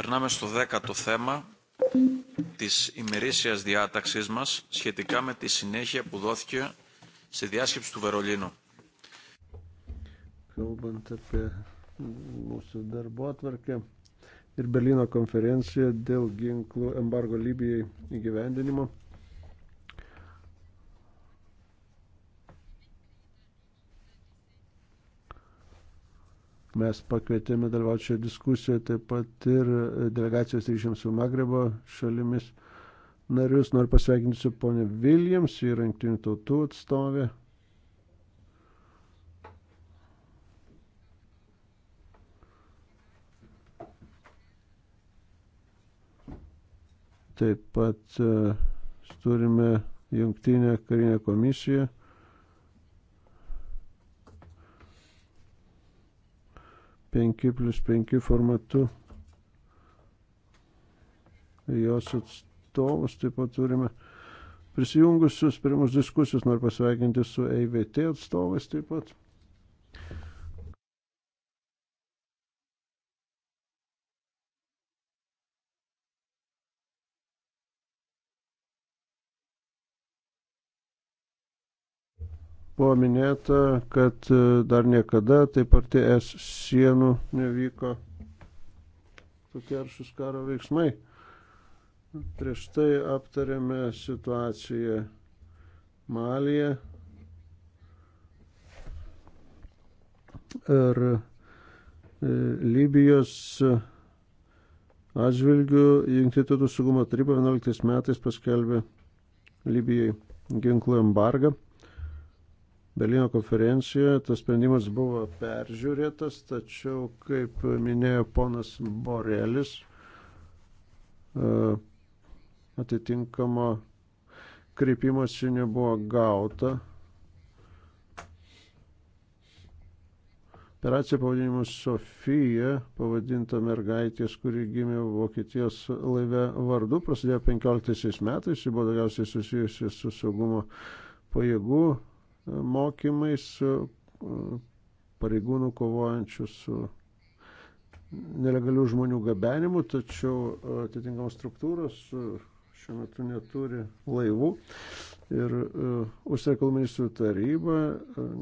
Περνάμε στο δέκατο θέμα της ημερήσιας διάταξής μας σχετικά με τη συνέχεια που δόθηκε στη διάσκεψη του Βερολίνου. Kalbant apie mūsų darbo atvarkę ir Berlyno konferenciją dėl ginklų embargo Libijai įgyvendinimo. Mes pakvietėme dalyvauti šioje diskusijoje taip pat ir delegacijos ryšiams su Magrebo šalimis narius. Noriu pasveikinti su ponė Viljams, ji yra jungtinių tautų atstovė. Taip pat e, turime jungtinę karinę komisiją. 5 plus 5 formatu. Jos atstovus taip pat turime prisijungusius prie mūsų diskusijos, noriu pasveikinti su EIVT atstovais taip pat. Buvo minėta, kad e, dar niekada taip arti es sienų nevyko tokie aršus karo veiksmai. Prieš tai aptarėme situaciją Malyje ir e, Libijos atžvilgių Junktinių tautų saugumo taryba 11 metais paskelbė Libijai ginklų embargą. Berlyno konferencijoje tas sprendimas buvo peržiūrėtas, tačiau, kaip minėjo ponas Borelis, e, atitinkamo kreipimosi nebuvo gauta. Operacija pavadinimu Sofija, pavadinta mergaitės, kuri gimė Vokietijos laive vardu, prasidėjo 15 metais, ji buvo daugiausiai susijusi su saugumo pajėgų mokymais e, pareigūnų kovojančių su nelegalių žmonių gabenimu, tačiau atitinkamos struktūros e, šiuo metu neturi laivų. Ir e, užsienio ministrų taryba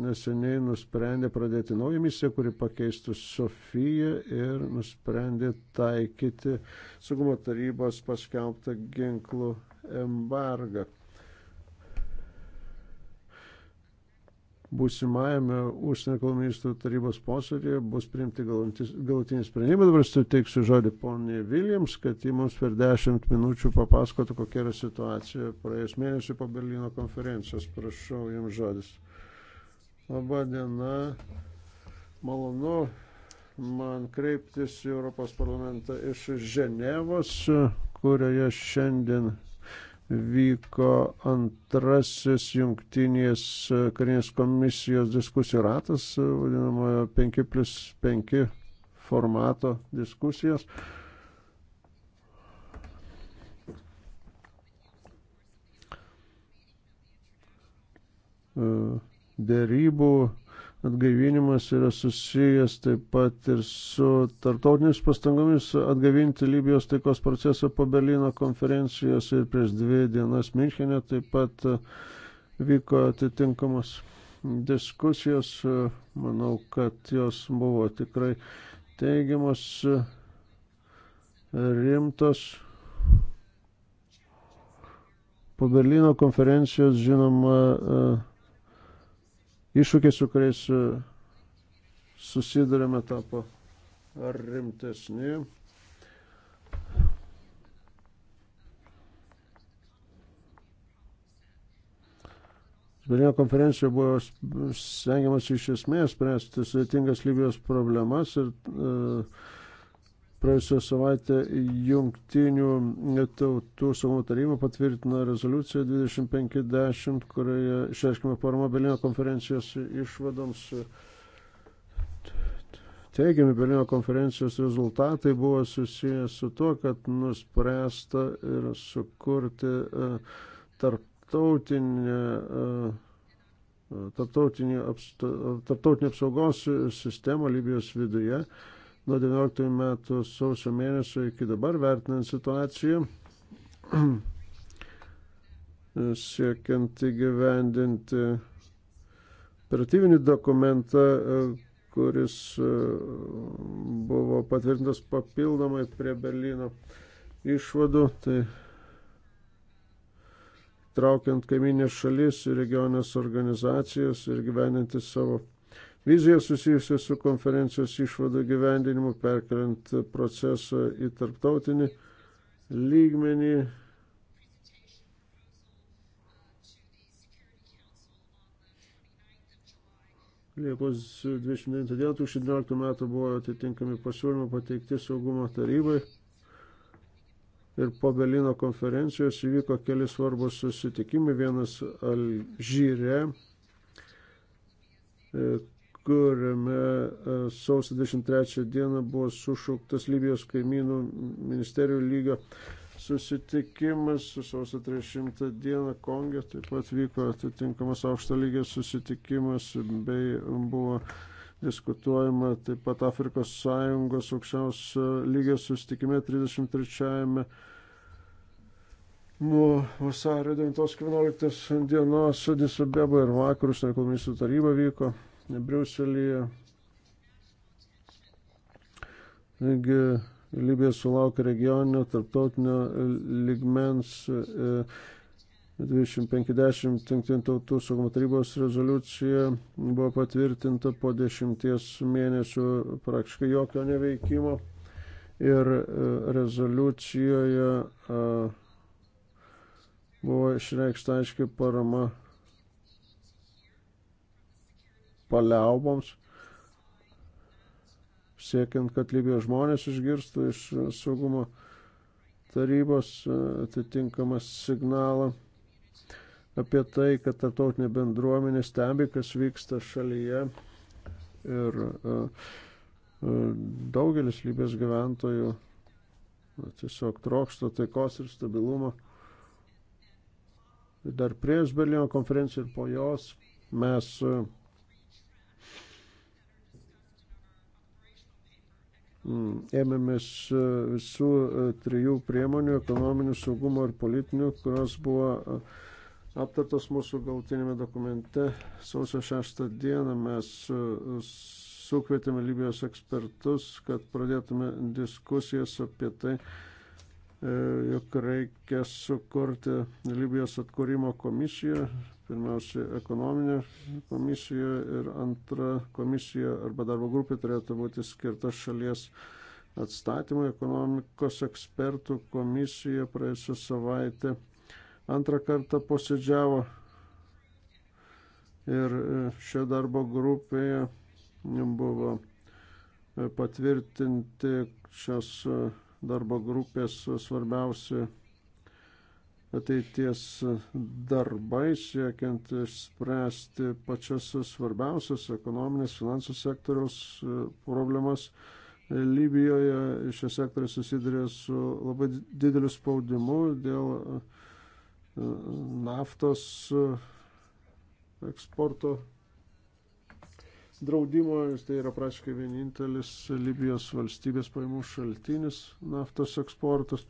neseniai nusprendė pradėti naują misiją, kuri pakeistų Sofiją ir nusprendė taikyti saugumo tarybos paskelbtą ginklų embargą. būsimajame užsienio reikalų ministrų tarybos posėdėje bus priimti galutinį sprendimą. Dabar suteiksiu žodį poniai Viljams, kad ji mums per dešimt minučių papasakotų, kokia yra situacija praėjus mėnesį po Berlyno konferencijos. Prašau, jums žodis. Labą dieną. Malonu man kreiptis į Europos parlamentą iš Ženevos, kurioje šiandien vyko antrasis jungtinės e, karinės komisijos diskusijų ratas, e, vadinamojo 5 plus 5 formato diskusijos. E, dėrybų atgaivinimas yra susijęs taip pat ir su tartautinėmis pastangomis atgaivinti Libijos taikos procesą po Berlyno konferencijos ir prieš dvi dienas Minchenė taip pat vyko atitinkamos diskusijos. Manau, kad jos buvo tikrai teigiamos, rimtos. Po Berlyno konferencijos, žinoma, iššūkiai, su kuriais e, susidurėme, tapo ar rimtesni. Berlyno konferencijoje buvo stengiamas iš esmės spręsti sudėtingas Libijos problemas ir uh, Praėjusią savaitę jungtinių tautų saugumo taryba patvirtino rezoliuciją 2510, kurioje išreiškime paramą Belino konferencijos išvadoms. Teigiami Berlyno konferencijos rezultatai buvo susijęs su tuo, kad nuspręsta ir sukurti e, tarptautinę, e, e, tarptautinį, tarptautinį apsaugos sistemą Libijos viduje nuo 19 metų sausio mėnesio iki dabar vertinant situaciją, siekiant įgyvendinti operatyvinį dokumentą, kuris e, buvo patvirtintas papildomai prie Berlyno išvadų, tai traukiant kaiminės šalis ir regionės organizacijas ir gyveninti savo viziją susijusią su konferencijos išvadų gyvendinimu, perkeliant procesą į tarptautinį lygmenį. Liepos 29 dieną 2019 metų buvo atitinkami pasiūlymai pateikti saugumo tarybai ir po Berlyno konferencijos įvyko keli svarbus susitikimai, vienas Alžyre, e, kuriame e, sausio 23 dieną buvo sušauktas Libijos kaimynų ministerijų lygio susitikimas, sausio 300 dieną Kongė taip pat vyko atitinkamas aukšto lygio susitikimas bei buvo diskutuojama taip pat Afrikos Sąjungos aukščiausio lygio susitikime 33-ame nuo vasario 9-11 dienos Sudis Abeba ir vakarus, nekalbėsiu taryba vyko Briuselėje. Taigi Libija sulaukia regioninio, tarptautinio ligmens 2510 e, Junktinių tautų saugumo tarybos rezoliucija buvo patvirtinta po dešimties mėnesių praktiškai jokio neveikimo. Ir e, rezoliucijoje e, buvo išreikšta aiškiai parama paliauboms, siekiant, kad Libijos žmonės išgirstų iš saugumo tarybos e, atitinkamą signalą apie tai, kad tarptautinė bendruomenė stebi, kas vyksta šalyje. Ir e, e, daugelis Libijos gyventojų tiesiog trokšta taikos ir stabilumo. Dar prieš Berlyno konferenciją ir po jos mes Mm, ėmėmės e, visų e, trijų priemonių - ekonominių, saugumo ir politinių, kurios buvo e, aptartos mūsų gautinėme dokumente. Sausio 6 dieną mes sukvietėme Libijos ekspertus, kad pradėtume diskusijas apie tai, jog reikia sukurti Libijos atkūrimo komisiją Pirmiausia, ekonominė komisija ir antra komisija arba darbo grupė turėtų būti skirta šalies atstatymui. Ekonomikos ekspertų komisija praėjusią savaitę antrą kartą posėdžiavo ir e, šioje darbo grupėje buvo e, patvirtinti šios e, darbo grupės svarbiausi ateities darbai, siekiant išspręsti pačias svarbiausias ekonominės finansų sektoriaus e, problemas. Libijoje šis sektorius susiduria su labai dideliu spaudimu dėl e, e, naftos eksporto draudimo ir tai yra praktiškai vienintelis Libijos valstybės pajamų šaltinis naftos eksportas.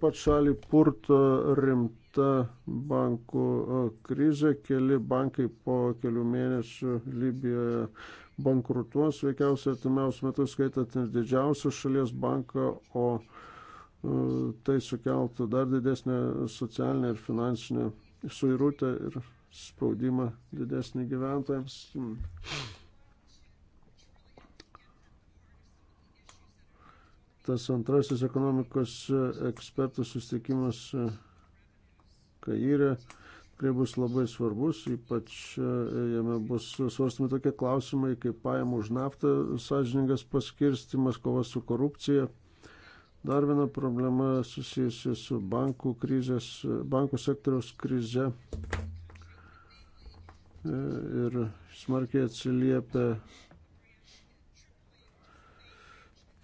pat šalį purto rimta bankų e, krizė. Keli bankai po kelių mėnesių Libijoje bankrutuos, veikiausiai artimiausių metų skaitant ir didžiausią šalies banką, o e, tai sukeltų dar didesnę socialinę ir finansinę suirutę ir spaudimą didesnį gyventojams. tas antrasis ekonomikos e, ekspertų susitikimas e, Kairė tikrai bus labai svarbus, ypač e, jame bus svarstami tokie klausimai kaip pajamų už naftą, sąžiningas paskirstimas, kova su korupcija. Dar viena problema susijusi su bankų, krizės, bankų sektoriaus krize ir smarkiai atsiliepia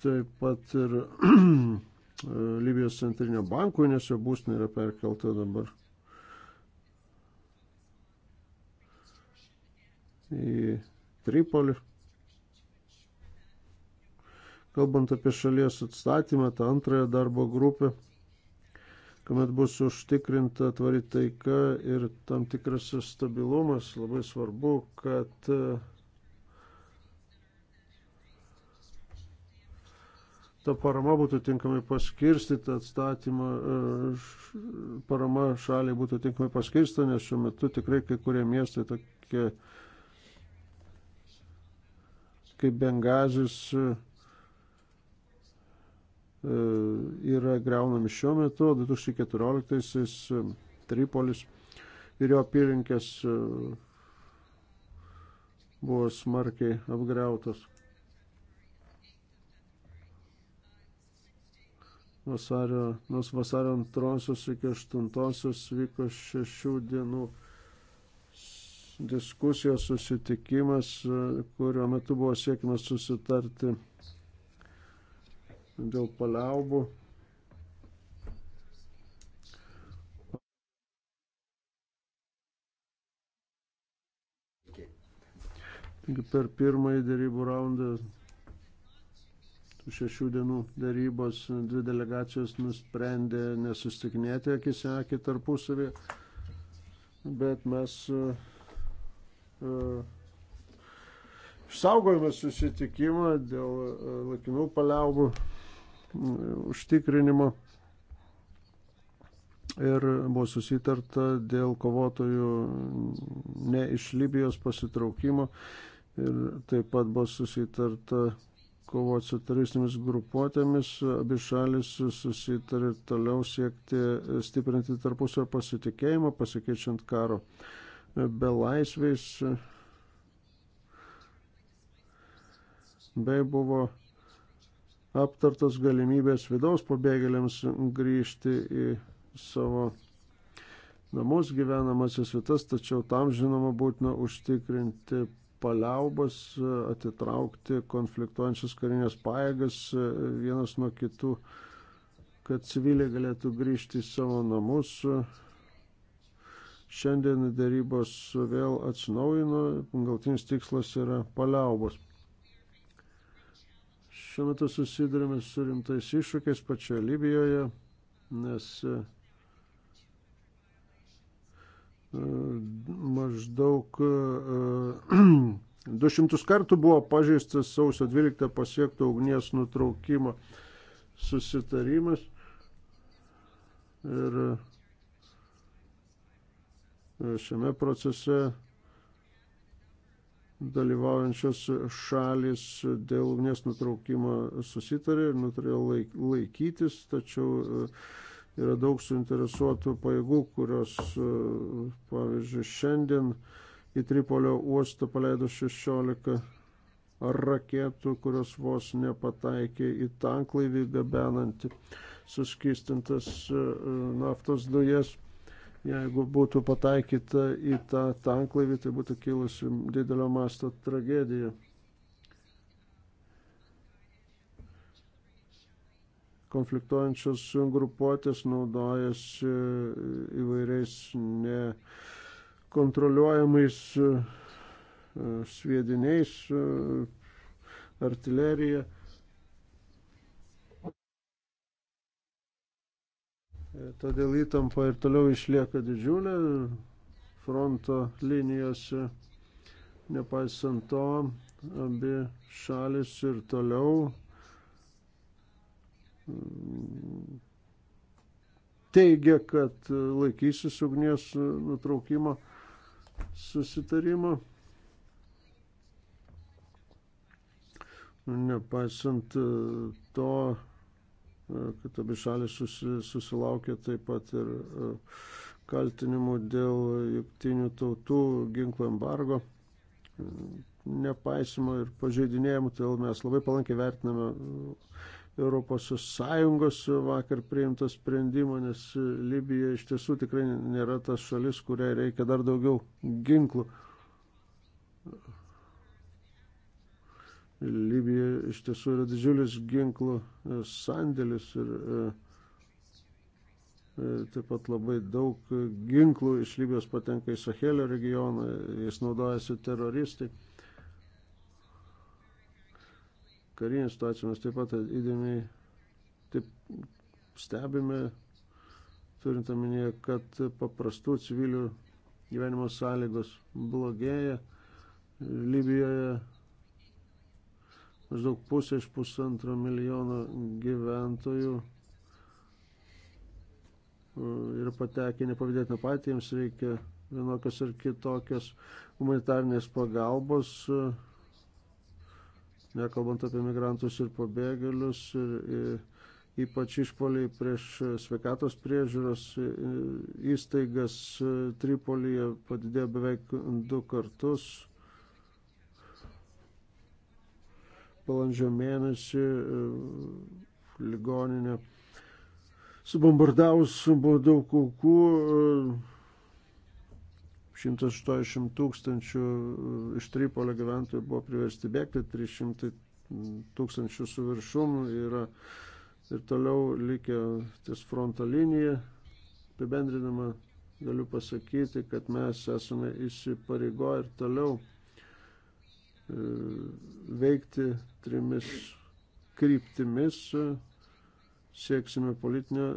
taip pat ir Libijos centrinio banko, nes jo būstinė yra perkelta dabar į Tripolį. Kalbant apie šalies atstatymą, tą antrąją darbo grupę, kuomet bus užtikrinta tvari taika ir tam tikras stabilumas, labai svarbu, kad uh, ta parama būtų tinkamai paskirstyta, atstatymo e, parama šaliai būtų tinkamai paskirstyta, nes šiuo metu tikrai kai kurie miestai tokie kaip Bengazis e, e, yra greunami šiuo metu, 2014-aisiais Tripolis ir jo apylinkės buvo smarkiai apgreutos. vasario, nuo vasario 2 iki 8 vyko šešių dienų diskusijos susitikimas, kurio metu buvo siekima susitarti dėl paliaubų. Per pirmąjį dėrybų raundą šešių dienų darybos dvi delegacijos nusprendė nesustikinėti akis į akį tarpusavį, bet mes e, e, išsaugojame susitikimą dėl e, laikinų paliaubų užtikrinimo ir buvo susitarta dėl kovotojų ne iš Libijos pasitraukimo ir taip pat buvo susitarta kovoti su teroristinėmis grupuotėmis, abi šalis susitarė toliau siekti stiprinti tarpusio pasitikėjimą, pasikeičiant karo be laisvės. Bei buvo aptartos galimybės vidaus pabėgėliams grįžti į savo namus gyvenamasis vietas, tačiau tam žinoma būtina užtikrinti paliaubas, e, atitraukti konfliktuojančias karinės pajėgas e, vienas nuo kitų, kad civiliai galėtų grįžti į savo namus. Šiandien darybos vėl atsinaujino, galtinis tikslas yra paliaubos. Šiuo metu susidurime su rimtais iššūkiais pačioje Libijoje, nes e, maždaug 200 e, kartų buvo pažeistas sausio 12 pasiekto ugnies nutraukimo susitarimas. Ir e, šiame procese dalyvaujančios šalis dėl ugnies nutraukimo susitarė ir nutarė laikytis, tačiau uh, yra daug suinteresuotų pajėgų, kurios, e, pavyzdžiui, šiandien į Tripolio uostą paleido 16 raketų, kurios vos nepataikė į tanklaivį gabenantį suskistintas e, e, naftos dujas. Jeigu būtų pataikyta į tą tanklaivį, tai būtų kilusi didelio masto tragedija. konfliktuojančios grupuotės naudojasi įvairiais nekontroliuojamais e, sviediniais, e, artilerija. E, todėl įtampa ir toliau išlieka didžiulė fronto linijose. Nepaisant to, abi šalis ir toliau teigia, kad laikysis ugnies nutraukimo susitarimo. Nepaisant to, kad abi šalis susilaukė taip pat ir e, kaltinimų dėl jungtinių tautų ginklo embargo e, nepaisimo ir pažeidinėjimų, todėl mes labai palankiai vertiname ES vakar priimtą sprendimą, nes Libija iš tiesų tikrai nėra tas šalis, kuriai reikia dar daugiau ginklų. Libija iš tiesų yra didžiulis ginklų sandėlis ir e, e, taip pat labai daug ginklų iš Libijos patenka į Sahelio regioną, jais naudojasi teroristai karinę situaciją mes taip pat įdėmiai taip stebime, turint omenyje, kad paprastų civilių gyvenimo sąlygos blogėja. Libijoje maždaug pusė iš pusantro milijono gyventojų e, yra patekę nepavydėtiną patį, jiems reikia vienokios ar kitokios humanitarnės pagalbos. Uh, nekalbant apie migrantus ir pabėgėlius, ir, ir ypač išpoliai prieš sveikatos priežiūros įstaigas Tripolyje padidėjo beveik du kartus. Balandžio mėnesį ligoninė subombardavus buvo daug aukų, 180 tūkstančių e, iš Tripolio gyventojų buvo priversti bėgti, 300 tūkstančių su viršum yra ir toliau likę ties fronto linija. Apibendrinama galiu pasakyti, kad mes esame įsipareigoję ir toliau e, veikti trimis kryptimis sieksime politinio e,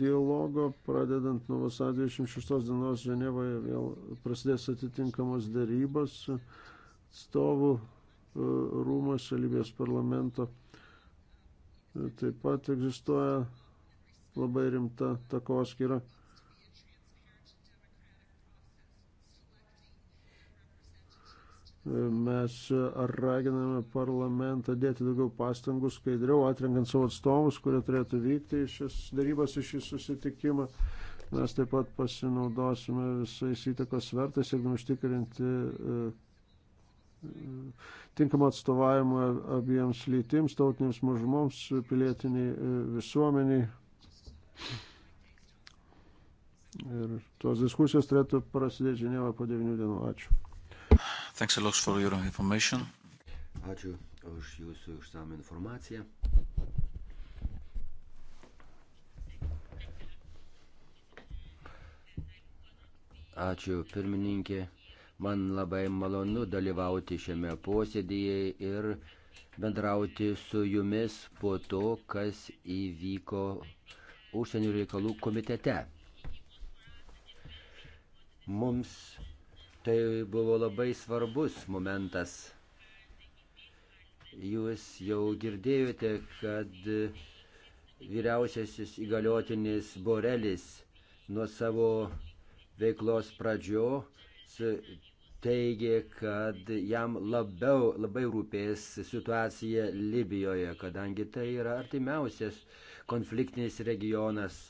dialogo, pradedant nuo vasario 26 dienos Ženevoje vėl prasidės atitinkamos darybos atstovų e, rūmose Libijos parlamento. E, taip pat egzistuoja labai rimta takoskyra Mes raginame parlamentą dėti daugiau pastangų skaidriau, atrenkant savo atstovus, kurie turėtų vykti į šis darybas, į šį susitikimą. Mes taip pat pasinaudosime visais įtakos svertais, siekdami užtikrinti e, e, tinkamą atstovavimą abiems lytims, tautinėms mažumoms, pilietiniai e, visuomeniai. Ir tos diskusijos turėtų prasidėti Ženeva po 9 dienų. Ačiū. Thanks a lot for your information. Ačiū už jūsų išsame informaciją. Ačiū pirmininkė. Man labai malonu dalyvauti šiame posėdėje ir bendrauti su jumis po to, kas įvyko užsienio reikalų komitete. Mums Tai buvo labai svarbus momentas. Jūs jau girdėjote, kad vyriausiasis įgaliotinis Borelis nuo savo veiklos pradžios teigė, kad jam labiau, labai rūpės situacija Libijoje, kadangi tai yra artimiausias konfliktinis regionas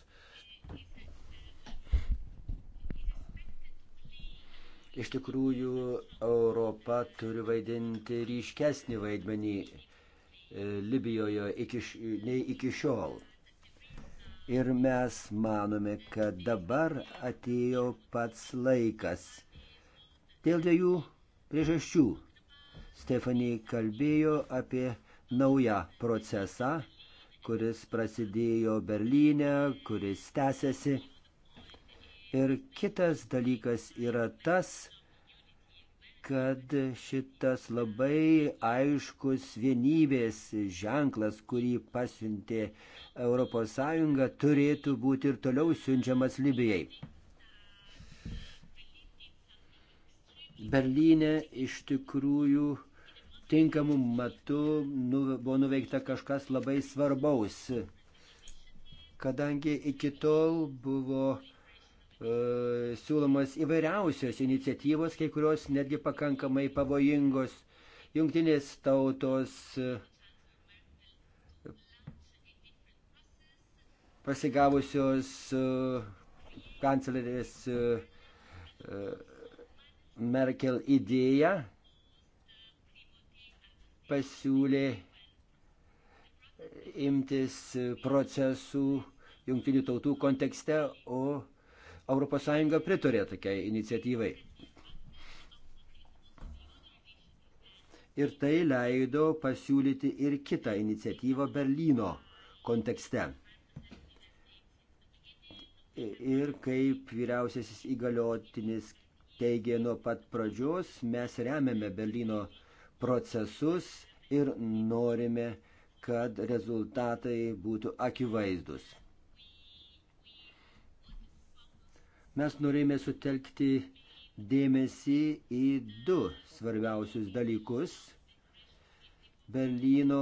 Iš tikrųjų, Europa turi vaidinti ryškesnį vaidmenį e, Libijoje iki, nei iki šiol. Ir mes manome, kad dabar atėjo pats laikas. Dėl dviejų priežasčių. Stefanija kalbėjo apie naują procesą, kuris prasidėjo Berlyne, kuris tęsiasi Ir kitas dalykas yra tas, kad šitas labai aiškus vienybės ženklas, kurį pasiuntė ES, turėtų būti ir toliau siunčiamas Libijai. Berlyne iš tikrųjų tinkamu metu nu, buvo nuveikta kažkas labai svarbaus, kadangi iki tol buvo E, siūlomas įvairiausios iniciatyvos, kai kurios netgi pakankamai pavojingos. Jungtinės tautos e, pasigavusios e, kanclerės Merkel idėją pasiūlė imtis procesų jungtinių tautų kontekste, o ES pritarė tokiai iniciatyvai. Ir tai leido pasiūlyti ir kitą iniciatyvą Berlyno kontekste. Ir kaip vyriausiasis įgaliotinis teigė nuo pat pradžios, mes remiame Berlyno procesus ir norime, kad rezultatai būtų akivaizdus. Mes norėjome sutelkti dėmesį į du svarbiausius dalykus. Berlyno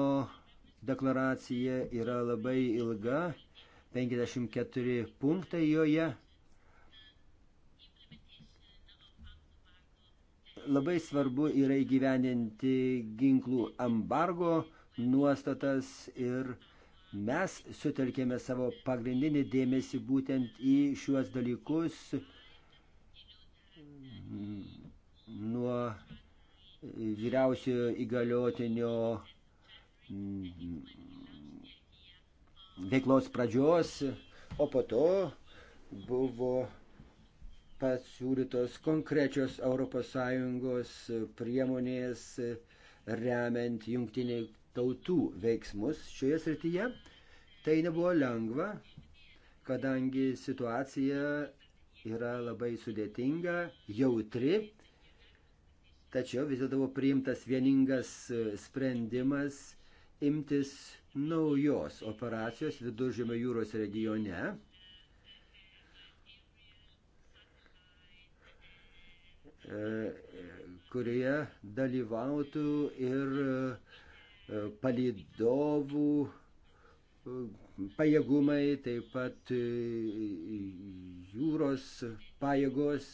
deklaracija yra labai ilga, 54 punktai joje. Labai svarbu yra įgyveninti ginklų embargo nuostatas ir Mes sutelkėme savo pagrindinį dėmesį būtent į šiuos dalykus nuo vyriausiojo įgaliotinio veiklos pradžios, o po to buvo pasiūlytos konkrečios ES priemonės remiant jungtiniai tautų veiksmus šioje srityje. Tai nebuvo lengva, kadangi situacija yra labai sudėtinga, jautri, tačiau vis dėlto buvo priimtas vieningas e, sprendimas imtis naujos operacijos viduržėmio jūros regione. E, e, kurioje dalyvautų ir uh, palydovų e, pajėgumai, taip pat e, jūros pajėgos.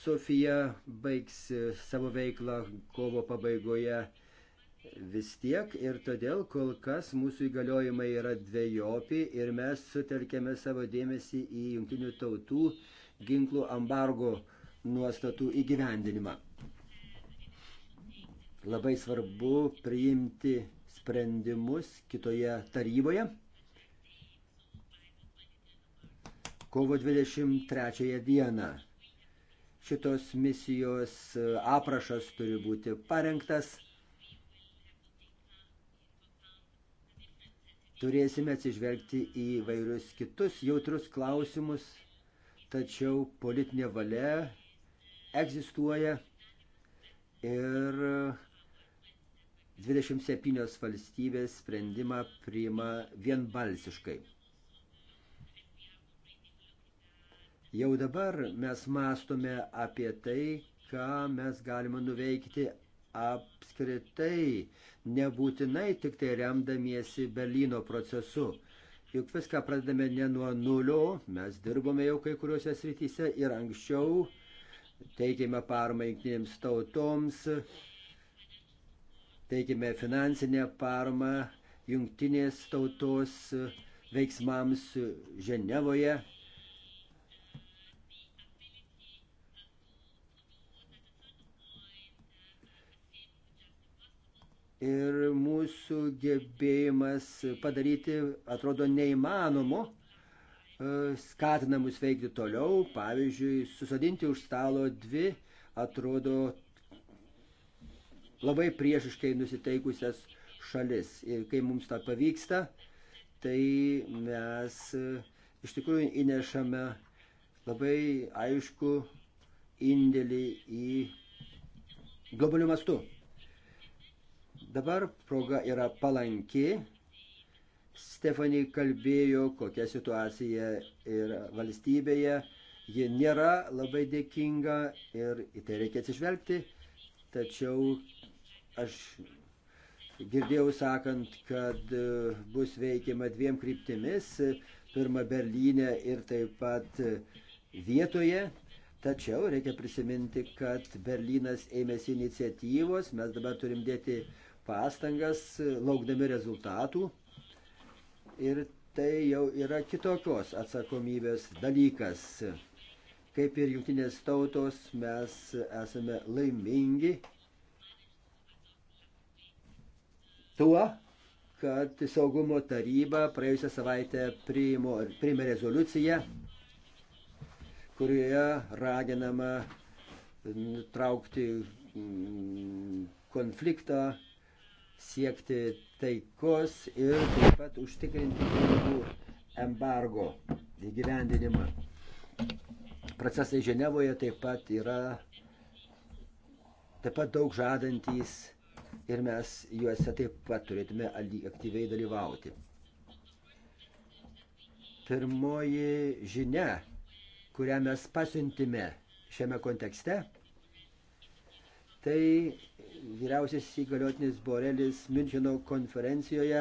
Sofija baigs e, savo veiklą kovo pabaigoje vis tiek ir todėl kol kas mūsų įgaliojimai yra dviejopi ir mes sutelkėme savo dėmesį į jungtinių tautų ginklų embargo nuostatų įgyvendinimą. Labai svarbu priimti sprendimus kitoje taryboje. Kovo 23 dieną šitos misijos aprašas turi būti parengtas. Turėsime atsižvelgti į vairius kitus jautrus klausimus, tačiau politinė valia egzistuoja ir 27 valstybės sprendimą priima vienbalsiškai. Jau dabar mes mastome apie tai, ką mes galime nuveikti apskritai, nebūtinai tik tai remdamiesi Berlyno procesu. Juk viską pradedame ne nuo nulio, mes dirbome jau kai kuriuose srityse ir anksčiau, teikėme paramą jungtinėms tautoms, teikiame finansinę paramą jungtinės tautos veiksmams Ženevoje. Ir mūsų gebėjimas padaryti atrodo neįmanomu, e, skatinamus veikti toliau, pavyzdžiui, susadinti už stalo dvi atrodo labai priešiškai nusiteikusias šalis. Ir kai mums tą pavyksta, tai mes e, iš tikrųjų įnešame labai aišku indėlį į globalių mastų. Dabar proga yra palanki. Stefani kalbėjo, kokia situacija yra valstybėje. Ji nėra labai dėkinga ir į tai reikia atsižvelgti. Tačiau Aš girdėjau sakant, kad e, bus veikiama dviem kryptimis. Pirma Berlyne ir taip pat vietoje. Tačiau reikia prisiminti, kad Berlynas ėmėsi iniciatyvos, mes dabar turim dėti pastangas, laukdami rezultatų. Ir tai jau yra kitokios atsakomybės dalykas. Kaip ir jungtinės tautos, mes esame laimingi tuo, kad saugumo taryba praėjusią savaitę priėmė rezoliuciją, kurioje raginama nutraukti mm, konfliktą, siekti taikos ir taip pat užtikrinti pinigų embargo įgyvendinimą. Procesai Ženevoje taip pat yra taip pat daug žadantys ir mes juose taip pat turėtume aktyviai dalyvauti. Pirmoji žinia, kurią mes pasiuntime šiame kontekste, tai vyriausias įgaliotinis Borelis Müncheno konferencijoje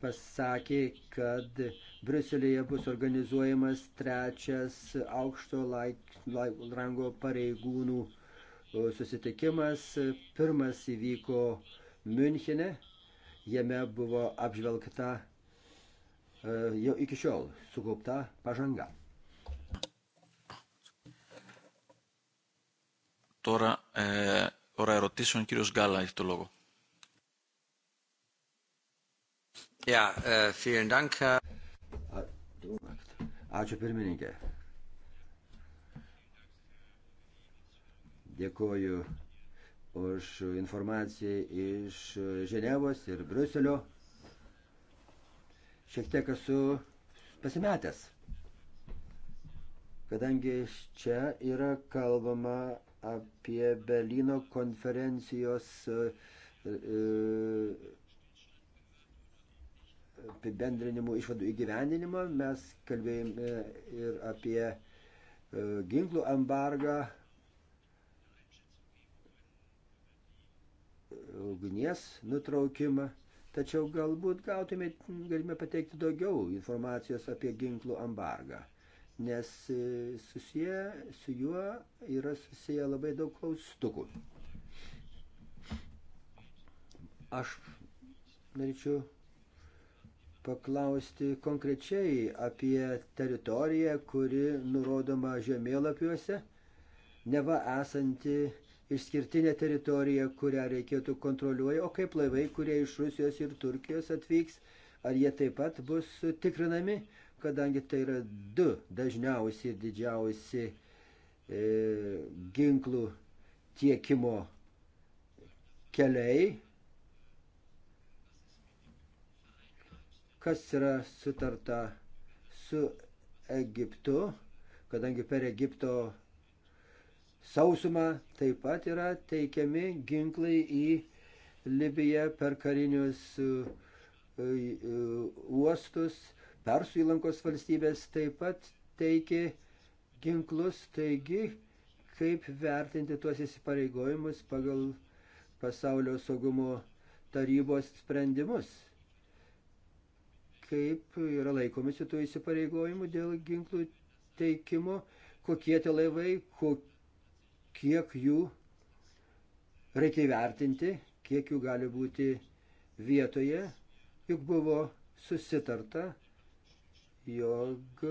pasakė, kad Briuselėje bus organizuojamas trečias aukšto laik, laik, rango pareigūnų susitikimas. Pirmas įvyko Münchene, jame buvo apžvelgta e, jau iki šiol sukaupta pažanga. Τώρα, ε, ώρα ερωτήσεων, κύριος Γκάλα έχει το λόγο. Ja, vielen Dank. Ačiū pirmininkė. Dėkoju už informaciją iš Ženevos ir Bruselio. Šiek tiek esu pasimetęs, kadangi čia yra kalbama apie Berlyno konferencijos e, e, apibendrinimų išvadų įgyvendinimą. Mes kalbėjome ir apie e, ginklų embargą ugnies nutraukimą. Tačiau galbūt gautume, galime pateikti daugiau informacijos apie ginklų embargą, nes e, susiję, su juo yra susiję labai daug klaustukų. Aš norėčiau paklausti konkrečiai apie teritoriją, kuri nurodoma žemėlapiuose, neva esanti išskirtinė teritorija, kurią reikėtų kontroliuoti, o kaip laivai, kurie iš Rusijos ir Turkijos atvyks, ar jie taip pat bus tikrinami, kadangi tai yra du dažniausi ir didžiausi e, ginklų tiekimo keliai. Kas yra sutarta su Egiptu, kadangi per Egipto sausumą taip pat yra teikiami ginklai į Libiją per karinius e, e, uostus, Persų įlankos valstybės taip pat teikė ginklus, taigi kaip vertinti tuos įsipareigojimus pagal pasaulio saugumo tarybos sprendimus kaip yra laikomisi tų įsipareigojimų dėl ginklų teikimo, kokie tie laivai, kokie kiek jų reikia įvertinti, kiek jų gali būti vietoje, juk buvo susitarta, jog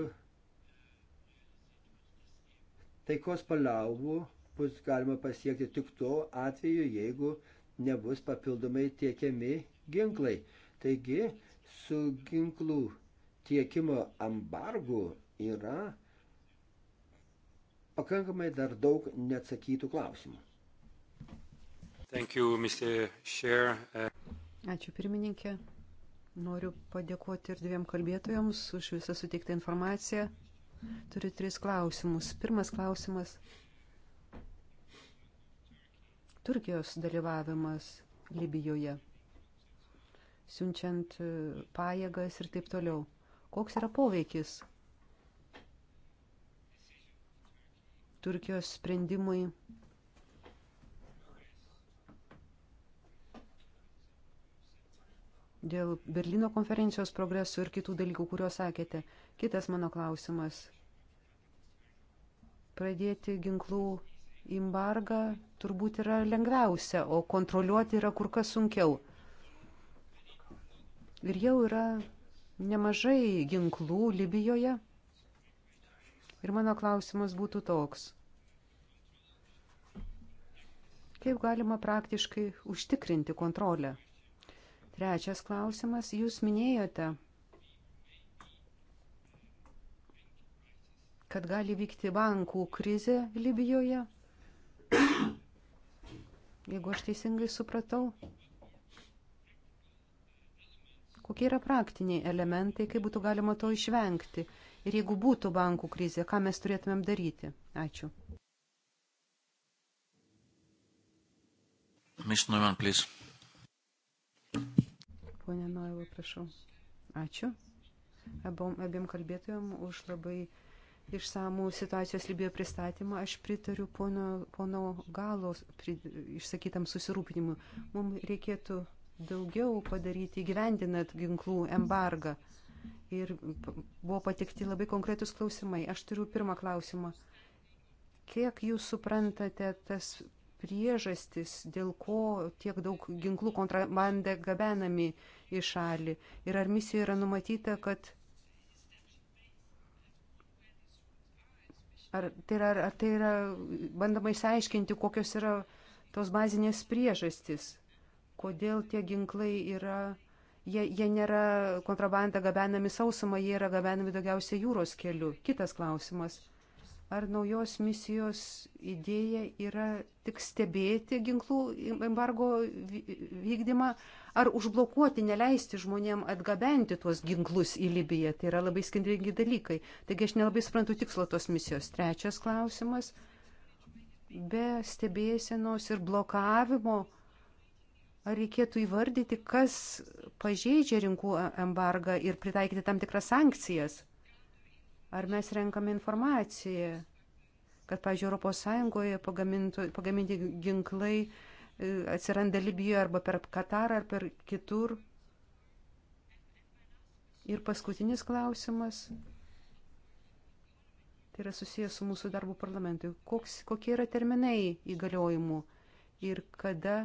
taikos paliaubų bus galima pasiekti tik tuo atveju, jeigu nebus papildomai tiekiami ginklai. Taigi su ginklų tiekimo embargu yra pakankamai dar daug neatsakytų klausimų. Thank you, Mr. Chair. Uh, Ačiū pirmininkė. Noriu padėkoti ir dviem kalbėtojams už visą suteiktą informaciją. Turiu tris klausimus. Pirmas klausimas. Turkijos dalyvavimas Libijoje, siunčiant uh, pajėgas ir taip toliau. Koks yra poveikis Turkijos sprendimui. Dėl Berlyno konferencijos progresų ir kitų dalykų, kuriuos sakėte. Kitas mano klausimas. Pradėti ginklų embargą turbūt yra lengviausia, o kontroliuoti yra kur kas sunkiau. Ir jau yra nemažai ginklų Libijoje, Ir mano klausimas būtų toks. Kaip galima praktiškai užtikrinti kontrolę? Trečias klausimas. Jūs minėjote, kad gali vykti bankų krizė Libijoje. Jeigu aš teisingai supratau kokie yra praktiniai elementai, kaip būtų galima to išvengti. Ir jeigu būtų bankų krizė, ką mes turėtumėm daryti? Ačiū. Miss Neumann, please. Pone Noilai, prašau. Ačiū abom, abiem kalbėtojom už labai išsamų situacijos Libijoje pristatymą. Aš pritariu pono, pono galos pri, išsakytam susirūpinimu. Mums reikėtų daugiau padaryti gyvendinant ginklų embargą. Ir buvo patikti labai konkretus klausimai. Aš turiu pirmą klausimą. Kiek jūs suprantate tas priežastis, dėl ko tiek daug ginklų kontrabandė gabenami į šalį? Ir ar misija yra numatyta, kad Ar tai yra, ar tai yra bandama įsiaiškinti, kokios yra tos bazinės priežastys? kodėl tie ginklai yra, jie, jie nėra kontrabanda gabenami sausumą, jie yra gabenami daugiausiai jūros keliu. Kitas klausimas. Ar naujos misijos idėja yra tik stebėti ginklų embargo vykdymą, ar užblokuoti, neleisti žmonėm atgabenti tuos ginklus į Libiją? Tai yra labai skindringi dalykai. Taigi aš nelabai suprantu tikslo tos misijos. Trečias klausimas. Be stebėsenos ir blokavimo Ar reikėtų įvardyti, kas pažeidžia rinkų e- embargą ir pritaikyti tam tikras sankcijas? Ar mes renkame informaciją, kad, pavyzdžiui, ES pagaminti ginklai e, atsiranda Libijoje arba per Katarą ar per kitur? Ir paskutinis klausimas. Tai yra susijęs su mūsų darbu parlamentui. Koks, kokie yra terminai įgaliojimų ir kada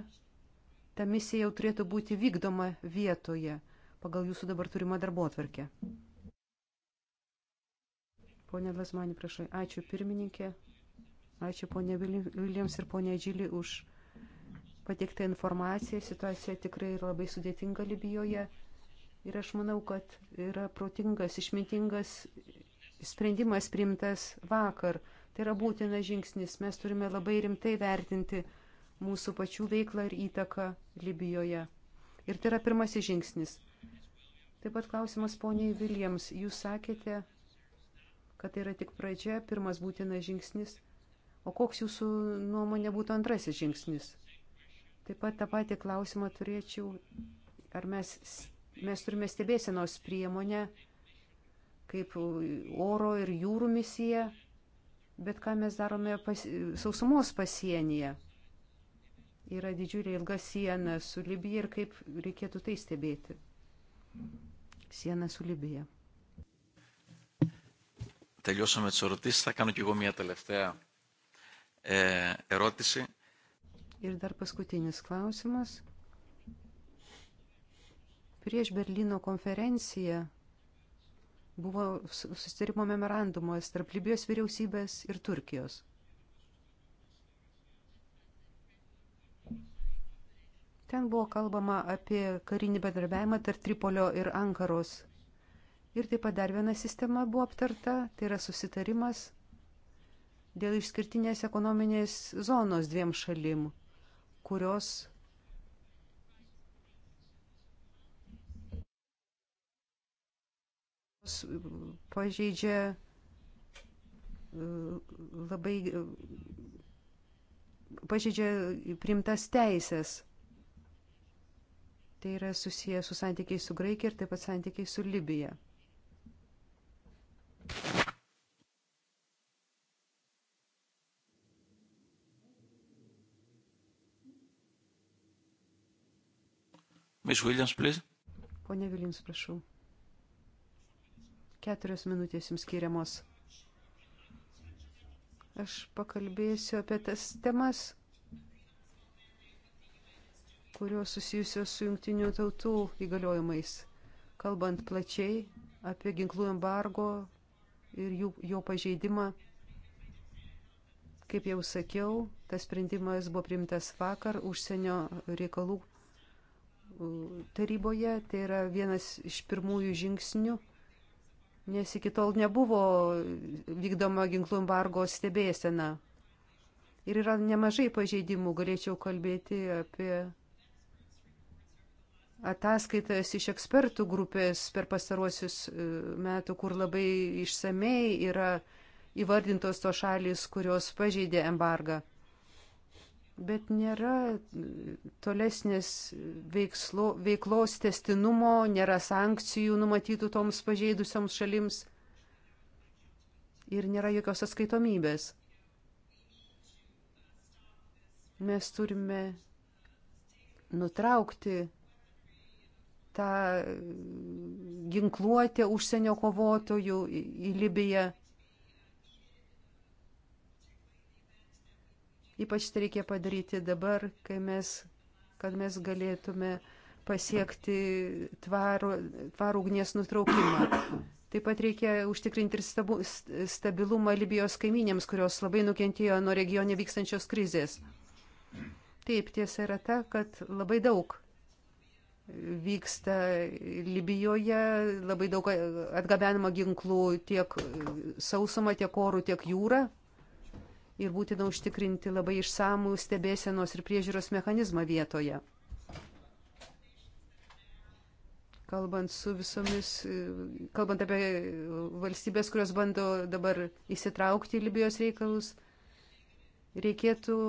ta misija jau turėtų būti vykdoma vietoje pagal jūsų dabar turimą darbo atvarkę. Pone Lasmanį, prašau. Ačiū pirmininkė. Ačiū ponė Viljams ir ponė Džilį už pateiktą informaciją. Situacija tikrai yra labai sudėtinga Libijoje. Ir aš manau, kad yra protingas, išmintingas sprendimas priimtas vakar. Tai yra būtinas žingsnis. Mes turime labai rimtai vertinti mūsų pačių veiklą ir įtaką Libijoje. Ir tai yra pirmasis žingsnis. Taip pat klausimas poniai Viljams. Jūs sakėte, kad tai yra tik pradžia, pirmas būtinas žingsnis. O koks jūsų nuomonė būtų antrasis žingsnis? Taip pat tą patį klausimą turėčiau, ar mes, mes turime stebėsenos priemonę, kaip oro ir jūrų misija, bet ką mes darome pas, sausumos pasienyje yra didžiulė ilga siena su Libija ir kaip reikėtų tai stebėti. Siena su Libija. Τελειώσαμε τις ερωτήσεις. Θα κάνω και εγώ μια τελευταία ε, ερώτηση. Ir dar paskutinis klausimas. Prieš Berlyno konferenciją buvo susitarimo memorandumas tarp Libijos vyriausybės ir Turkijos. Ten buvo kalbama apie karinį bendradarbiavimą tarp Tripolio ir Ankaros. Ir taip pat dar viena sistema buvo aptarta, tai yra susitarimas dėl išskirtinės ekonominės zonos dviem šalim, kurios pažeidžia e, labai e, pažeidžia primtas teisės. Tai yra susiję su santykiai su Graikija ir taip pat santykiai su Libija. Miss Williams, please. Pone Vilins, prašau. Keturios minutės jums skiriamos. Aš pakalbėsiu apie tas temas, kurios susijusios su jungtinių tautų įgaliojimais, kalbant plačiai apie ginklų embargo ir jų, jo pažeidimą. Kaip jau sakiau, tas sprendimas buvo priimtas vakar užsienio reikalų taryboje. Tai yra vienas iš pirmųjų žingsnių, nes iki tol nebuvo vykdoma ginklų embargo stebėsena. Ir yra nemažai pažeidimų, galėčiau kalbėti apie ataskaitas iš ekspertų grupės per pastaruosius e, metų, kur labai išsamei yra įvardintos to šalis, kurios pažeidė embargą. Bet nėra e, tolesnės veikslo, veiklos testinumo, nėra sankcijų numatytų toms pažeidusioms šalims ir nėra jokios atskaitomybės. Mes turime nutraukti tą mm, ginkluotę užsienio kovotojų į Libiją. Ypač tai reikia padaryti dabar, kai mes, kad mes galėtume pasiekti tvarų, tvarų ugnies nutraukimą. Taip pat reikia užtikrinti ir stabu, stabilumą Libijos kaiminėms, kurios labai nukentėjo nuo regione vykstančios krizės. Taip, tiesa yra ta, kad labai daug vyksta Libijoje, labai daug atgabenama ginklų tiek sausuma, tiek orų, tiek jūra. Ir būtina užtikrinti labai išsamų stebėsenos ir priežiūros mechanizmą vietoje. Kalbant su visomis, kalbant apie valstybės, kurios bando dabar įsitraukti į Libijos reikalus, reikėtų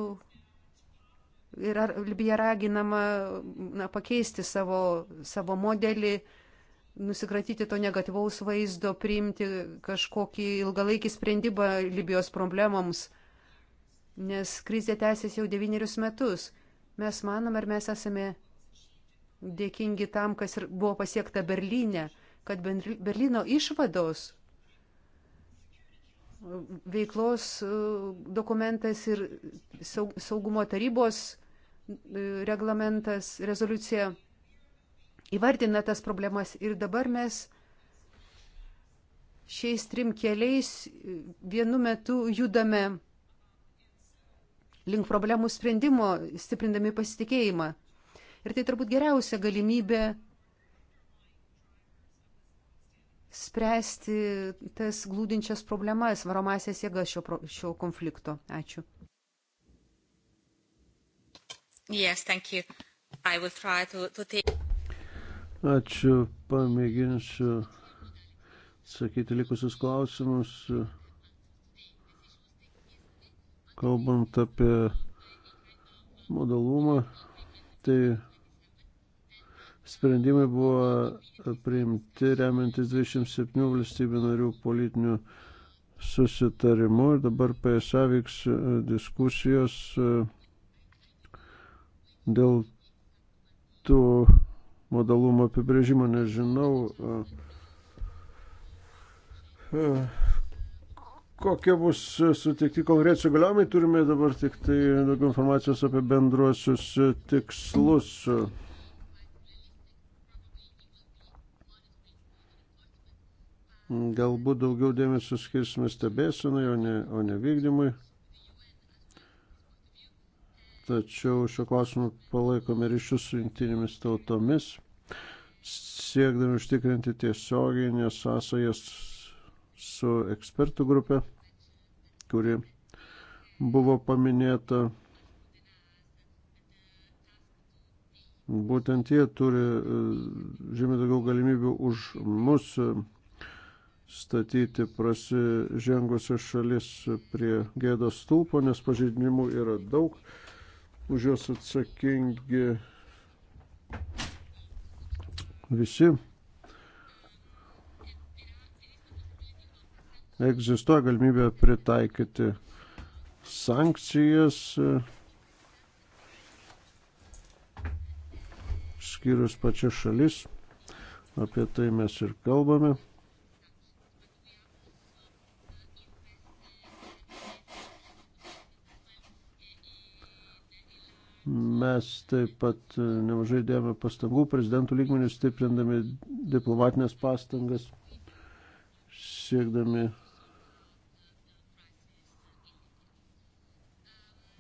yra Libija raginama na, pakeisti savo, savo modelį, nusikratyti to negatyvaus vaizdo, priimti kažkokį ilgalaikį sprendimą Libijos problemams, nes krizė tęsiasi jau devynerius metus. Mes manom, ar mes esame dėkingi tam, kas buvo pasiekta Berlyne, kad Berlyno išvados veiklos uh, dokumentas ir saugumo tarybos reglamentas, rezoliucija įvardina tas problemas ir dabar mes šiais trim keliais vienu metu judame link problemų sprendimo, stiprindami pasitikėjimą. Ir tai turbūt geriausia galimybė spręsti tas glūdinčias problemas, varomasias jėgas šio, šio konflikto. Ačiū. Yes, thank you. I will try to, to take... Ačiū, pamėginsiu atsakyti likusius klausimus. Kalbant apie modalumą, tai sprendimai buvo priimti remiantis 27 valstybių narių politinių susitarimų ir dabar PSA vyks diskusijos dėl tų modalumo apibrėžimo nežinau, kokie bus sutikti konkrečiai galiamai, turime dabar tik tai daugiau informacijos apie bendruosius tikslus. Galbūt daugiau dėmesio skirsime stebėsinai, o ne, o ne vykdymui tačiau šio klausimu palaikome ryšius su jungtinėmis tautomis, siekdami užtikrinti tiesioginę sąsają su ekspertų grupė, kuri buvo paminėta. Būtent jie turi e, žymiai daugiau galimybių už mus e, statyti prasižengusios šalis prie gėdos stulpo, nes pažeidimų yra daug už juos atsakingi visi. Egzistuoja galimybė pritaikyti sankcijas, skyrus pačias šalis. Apie tai mes ir kalbame. Mes taip pat e, nemažai dėjome pastangų prezidentų lygmenių stiprindami diplomatinės pastangas, siekdami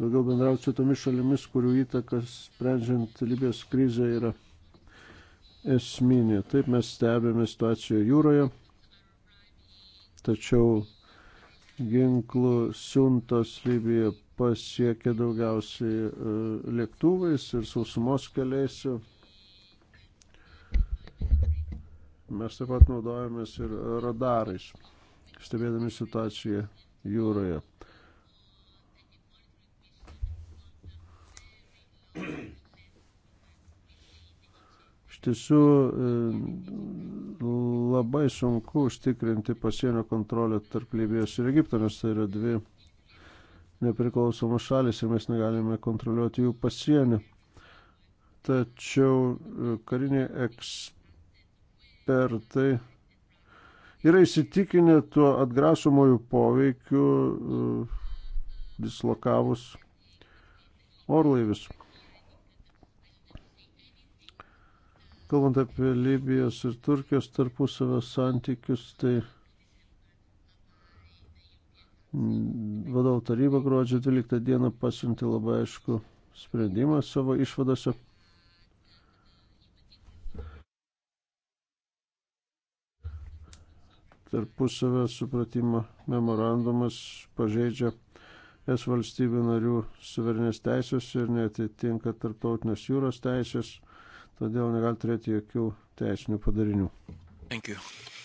daugiau bendrauti su tomis šalimis, kurių įtakas sprendžiant Libijos krizę yra esminė. Taip mes stebėme situaciją jūroje, tačiau ginklų siuntos Libija pasiekia daugiausiai e, lėktuvais ir sausumos keliais. Mes taip pat naudojamės ir radarais, stebėdami situaciją jūroje. Iš tiesų e, labai sunku užtikrinti pasienio kontrolę tarp Libijos ir Egipto, nes tai yra dvi nepriklausomos šalis ir mes negalime kontroliuoti jų pasienio. Tačiau e, kariniai ekspertai yra įsitikinę tuo atgrasomojų poveikiu e, dislokavus orlaivius. Kalbant apie Libijos ir Turkijos tarpusavio santykius, tai Mm, vadovų taryba gruodžio 12 dieną pasiuntė labai aišku sprendimą savo išvadose. Tarpusavio supratimo memorandumas pažeidžia es valstybių narių suverenės teisės ir netitinka tarptautinės jūros teisės, todėl negali turėti jokių teisinių padarinių. Thank you.